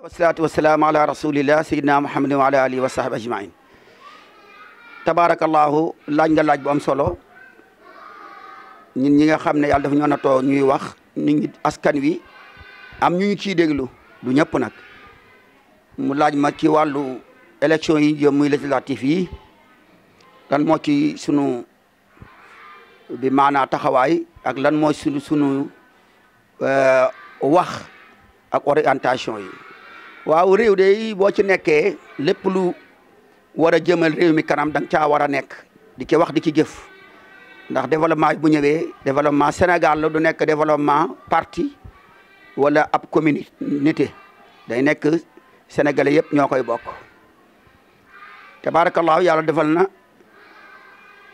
wasalaatu wasalaamu ala rasulillah sayidina muhammadin wa ala alihi wa sahbi ajmain tabaarakallaahu laaj nga laaj bu solo ñun ñi nga xam ne yàlla dafa ñoo natoo ñuy wax ñu ngi askan wi am ñu ñu ciy déglu du ñëpp nag mu laaj ma ci wàllu élection yi jëm muy législatif yi lan moo ki sunu bi maanaa taxawaay ak lan mooy sunu sunu euh, wax ak orientation yi waaw réew de boo ci nekkee lépp lu war a jëmal réew mi kanam dang nga caa war a nekk di ci wax di ci jëf ndax développement bu ñëwee développement Sénégal la du nekk développement parti wala ab communauté day nekk sénégal yëpp ñoo koy bokk tabaarakallaahu yàlla defal na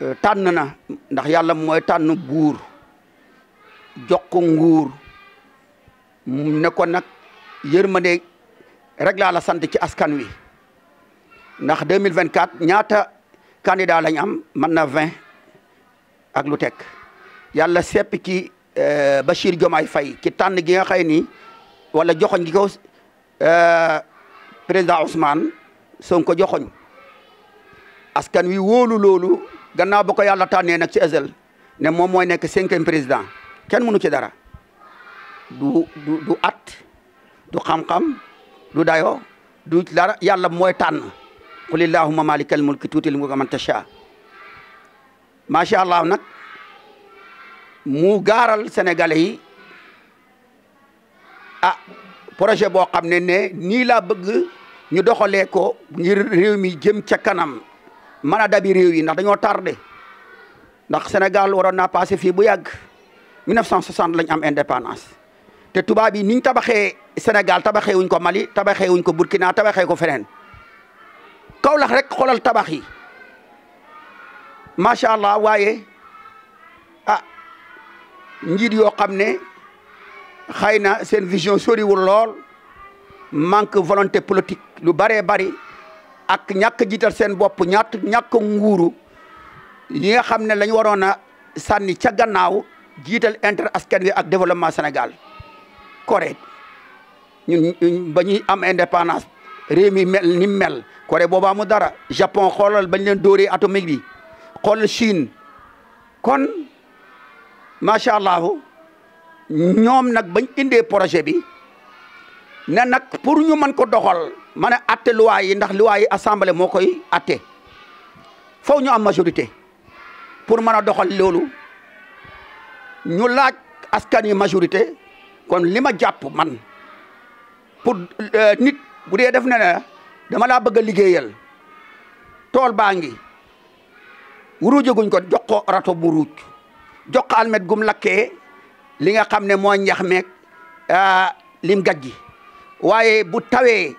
euh, tànn na ndax yàlla mooy tànn buur jox ko nguur ne ko nag yërmande rek laa la sant ci askan wi ndax 2024 ñaata candidat lañ am mën na 20 ak lu teg yàlla sepp ci euh, Bachir Diomaye Faye ki tànn gi nga xëy ni wala joxoñ gi ko euh, président Ousmane Sonko ko joxoñ askan wi wóolu loolu gannaaw ba ko yàlla tànnee nag ci ezel ne moom mooy nekk cinquième président kenn mënu ci dara du du at du xam-xam du dayoo du dara yàlla mooy tànn qul illahumma malikal mulki tuutil mulka man tasha macha allah nag mu gaaral sénégalais yi ah projet boo xam ne ne nii laa bëgg ñu doxalee ko ngir réew mi jëm ca kanam mën a dabi réew yi ndax dañoo tardé ndax Sénégal waroon naa passé fii bu yàgg 1960 lañ am indépendance te tubaab yi niñ tabaxee Sénégal tabaxee wuñ ko Mali tabaxee wuñ ko Burkina tabaxee ko feneen Kaolack rek xoolal tabax yi macha allah waaye a ah, njiit yoo xam ne xëy na seen vision soriwul lool manque volonté politique lu bëree bari ak ñàkk jiital seen bopp ñàkk ñàkk nguuru yi nga xam ne la ñu waroon a sànni ca gannaaw jiital intérêt askan wi ak développement Sénégal. Corée ñun ñuy am indépendance réew mi mel ni mel Corée boobaa mu dara Japon xoolal bañ leen dóoree atomique bi xool Chine kon macha allah ñoom nag bañ indee projet bi ne nag pour ñu mën ko doxal mën a atte loi yi ndax loi yi assemblée moo koy atte foofu ñu am majorité pour mën a doxal loolu ñu laaj askan yi majorité kon li ma jàpp man pour euh, nit bu dee def na ne dama laa bëgg a liggéeyal tool baa ngi wuruujaguñ ko jox ko rato bu ruuj jox ko almet gum lakkee li nga xam ne moo ñax meeg euh, lim gajji waaye bu tawee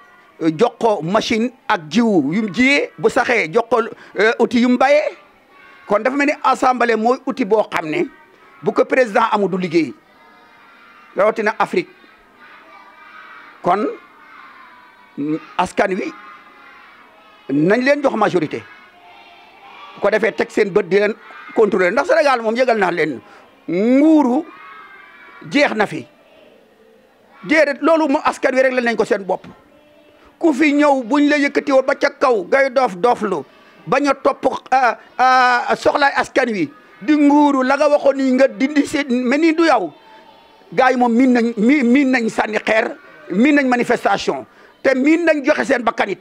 jox machine ak jiw yum jiyee bu saxee jox ko euh, outil yum bayee kon dafa mel ni assemblée mooy outil boo xam ne bu ko président amu du liggéey rawatina Afrique kon askan wi nañ leen jox majorité ko defee teg seen bët di leen contrôler ndax Sénégal moom yëgal naa leen nguuru jeex na fi déedéet loolu moom askan wi rek lañ nañ ko seen bopp ku fi ñëw buñ la yëkkati woon ba ca kaw ngay doof dooflu bañ a topp soxlaay askan wi di nguuru la nga waxoon ni nga dindi seen mel ni du yow gars yi moom miin nañ mi miin nañ sànni xeer miin nañ manifestation te miin nañ joxe seen bakkan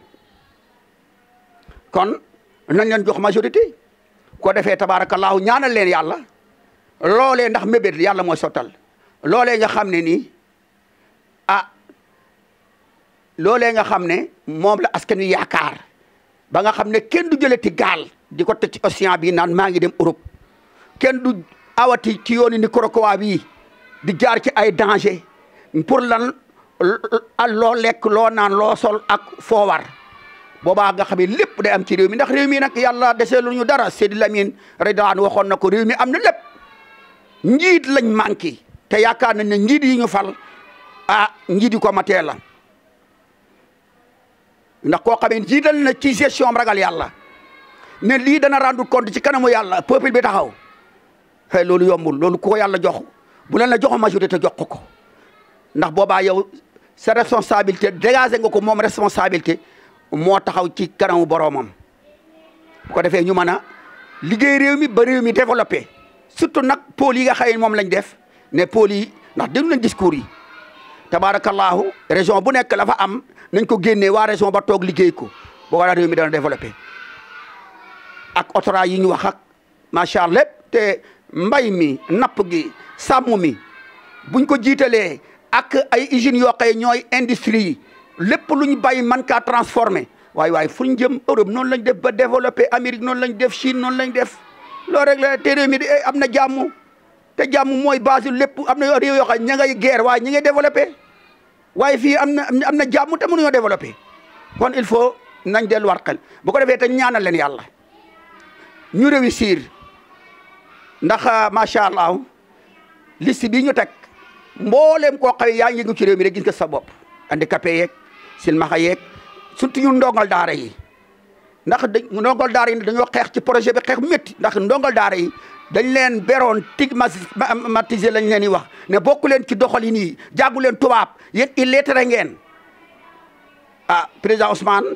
kon nañ leen jox majorité ko defee tabaarakallaahu ñaanal leen yàlla loolee ndax mébét yàlla mooy sottal loole nga xam ne nii ah loole nga xam ne moom la askan wi yaakaar ba nga xam ne kenn du jëlati gaal di ko te ci océan bi naan maa ngi dem Europe kenn du awati ci yooni ni korokowa bii di jaar ci ay danger pour lan loo lekk loo naan loo sol ak foo war boobaa nga xam ne lépp day am ci réew mi ndax réew mi nag yàlla deseelu ñu dara Seydi Lamine Redwan waxoon na ko réew mi am na lépp njiit lañ manqué te yaakaar nañ ne njiit yi ñu fal a ah, njiit yi ko matee la ndax koo xam ne jiital na ki gestion ragal yàlla ne lii dana rendre compte ci kanamu yàlla peuple bi taxaw hey loolu yombul loolu ku ko yàlla jox bu leen la joxoon majorité jox ko ndax boobaa yow sa responsabilité dégagé nga ko moom responsabilité moo taxaw ci kanamu boroomam bu ko defee ñu mën a liggéey réew mi ba réew mi développé surtout nag pôle yi nga xëy moom lañ def ne pôle yi ndax déglu nañ discours yi tabaarakallaahu région bu nekk la fa am nañ ko génnee waa région ba toog liggéey ko boo waraa réew mi dana développé ak autorail yi ñu wax ak macha allah te mbay mi napp gi sàmm mi buñ ko jiitalee ak ay usines yoo xëy ñooy industrie yi lépp lu ñu bàyyi man kaa transformé waaye waaye fu ñu jëm Europe noonu lañ def ba développé Amérique noonu lañ def Chine noon lañ def loolu rek la te réew mi eh, am na jàmm te jàmm mooy base lépp am na réew yoo xam ña ngay guerre waaye ñi ngay développé waaye fii am na am na jàmm te mënuñoo développé kon il faut nañ delluwaat xel bu ko defee te ñaanal leen yàlla ñu réussir ndax euh, macha allah. liste bii ñu teg mbooleem koo xawee yaa ngi ci réew mi rek gis nga sa bopp handicapé yeeg silmaxa yeeg surtout ñu ndongal daara yi ndax dañ ndongal daara yi dañoo xeex ci projet bi xeex bu métti ndax ndongal daara yi dañu leen beroon stigmatisé lañ leen di wax ne bokku leen ci doxalin yi jàngu leen tubaab yéen illettré ngeen ah président Ousmane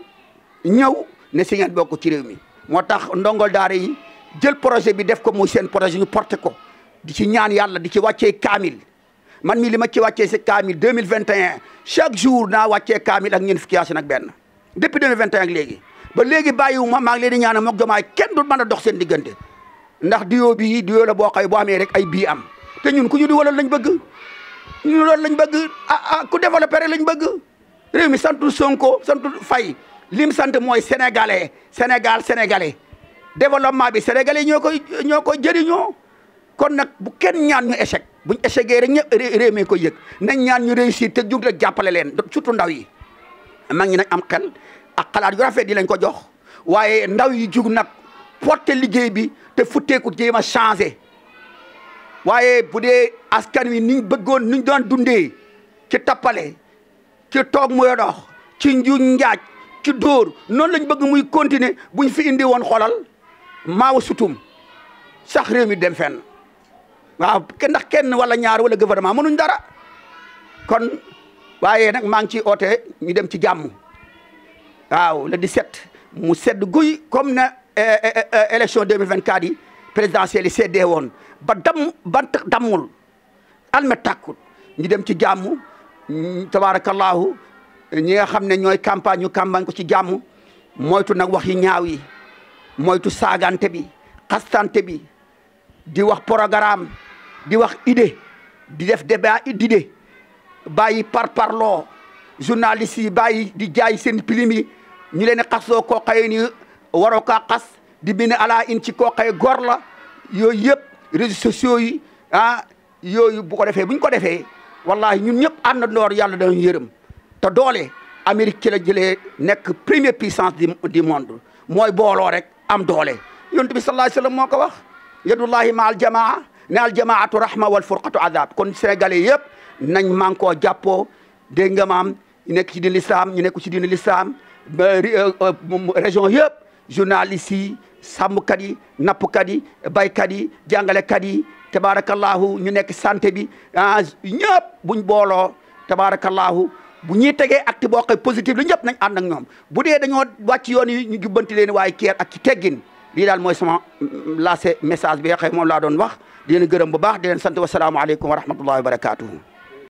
ñëw ne si ngeen bokk ci réew mi moo tax ndongal daare yi jël projet bi def ko muy seen projet ñu porté ko di ci ñaan yàlla di ci wàccee kaamil man mii li ma ci wàccee si kaamil 2021 chaque jour naa wàccee kaamil ak ñeent fukki yaasin ak benn depuis 2021 ak léegi ba léegi bàyyiwu ma maa ngi leen di ñaan moog jomaay kenn du mën a dox seen diggante ndax duyoo bii duyoo la boo boo amee rek ay bii am te ñun ku ñu di walal lañ bëgg ñun loolu lañ bëgg ah, ah ku développé rek lañ bëgg réew mi santu Sonko santu fay lim sant mooy sénégalais Sénégal sénégalais développement bi sénégalais ñoo koy ñoo koy jëriñoo kon nag bu kenn ñaan ñu échec buñ échecgee rek ñëpp ko yëg nañ ñaan ñu réussir te jug rek jàppale leen surtout ndaw yi mag ñi nag am xel ak xalaat yu rafet yi lañ ko jox waaye ndaw yi jug nag porter liggéey bi te futteeku jéem a changé waaye bu dee askan wi niñ bëggoon niñ doon dundee ci tappale ci toog muy dox ci njuñ njaaj ci dóor noonu lañ bëgg muy continuer buñ fi indi woon xolal maawa sutum sax réew mi dem fen waaw ndax kenn wala ñaar wala gouvernement mënuñ dara kon waaye nag maa ngi ciy oote ñu dem ci jàmm waaw le 17 mu sedd guy comme na eh, eh, eh, élection 2024 yi présidentielle yi seddee woon ba dam ba dammul almet tàkkul ñu dem ci jàmm tabaarakallaahu ñi nga xam ne ñooy campagne ñu campagne ko ci jàmm moytu nag wax yi ñaaw yi moytu saagante bi xastante bi di wax programme di wax idée di def débat idée bàyyi par par parloo journaliste yi bàyyi di jaay seen pilim yi ñu leen xasoo koo xaye ni waroo kaa xas di bind ala in ci koo xaye gor la yooyu yëpp réseaux sociaux yi ah yooyu bu ko defee bu ñu ko defee wallahi ñun ñëpp ànd ndoor yàlla dañu yërëm te doole Amérique ci la jëlee nekk première puissance du monde mooy booloo rek am doole yonent bi sallallahu alayhi wa moo ko wax yadullahi ma aljamaa ne aljamaatu rahma wal furqatu azab kon sénégalais yëpp nañ man koo jàppoo dégg nga maam nekk ci diin lislaam ñu nekk ci diin lislaam euh, euh, région yëpp journalistes yi sàmmkat yi nappkat yi baykat yi jàngalekat yi tabarakallahu ñu nekk santé bi ah ñëpp buñ booloo tabarakallahu bu ñuy tegee acte boo xam positif lu ñëpp nañ ànd ak ñoom bu dee dañoo wàcc yoon yi ñu jubbanti leen waaye keer ak ci teggin lii daal mooy sama mm, lancé message bi nga xam moom laa doon wax di leen gërëm bu baax di leen sant wasalaamaaleykum wa rahmatullahi wa barakaatuhu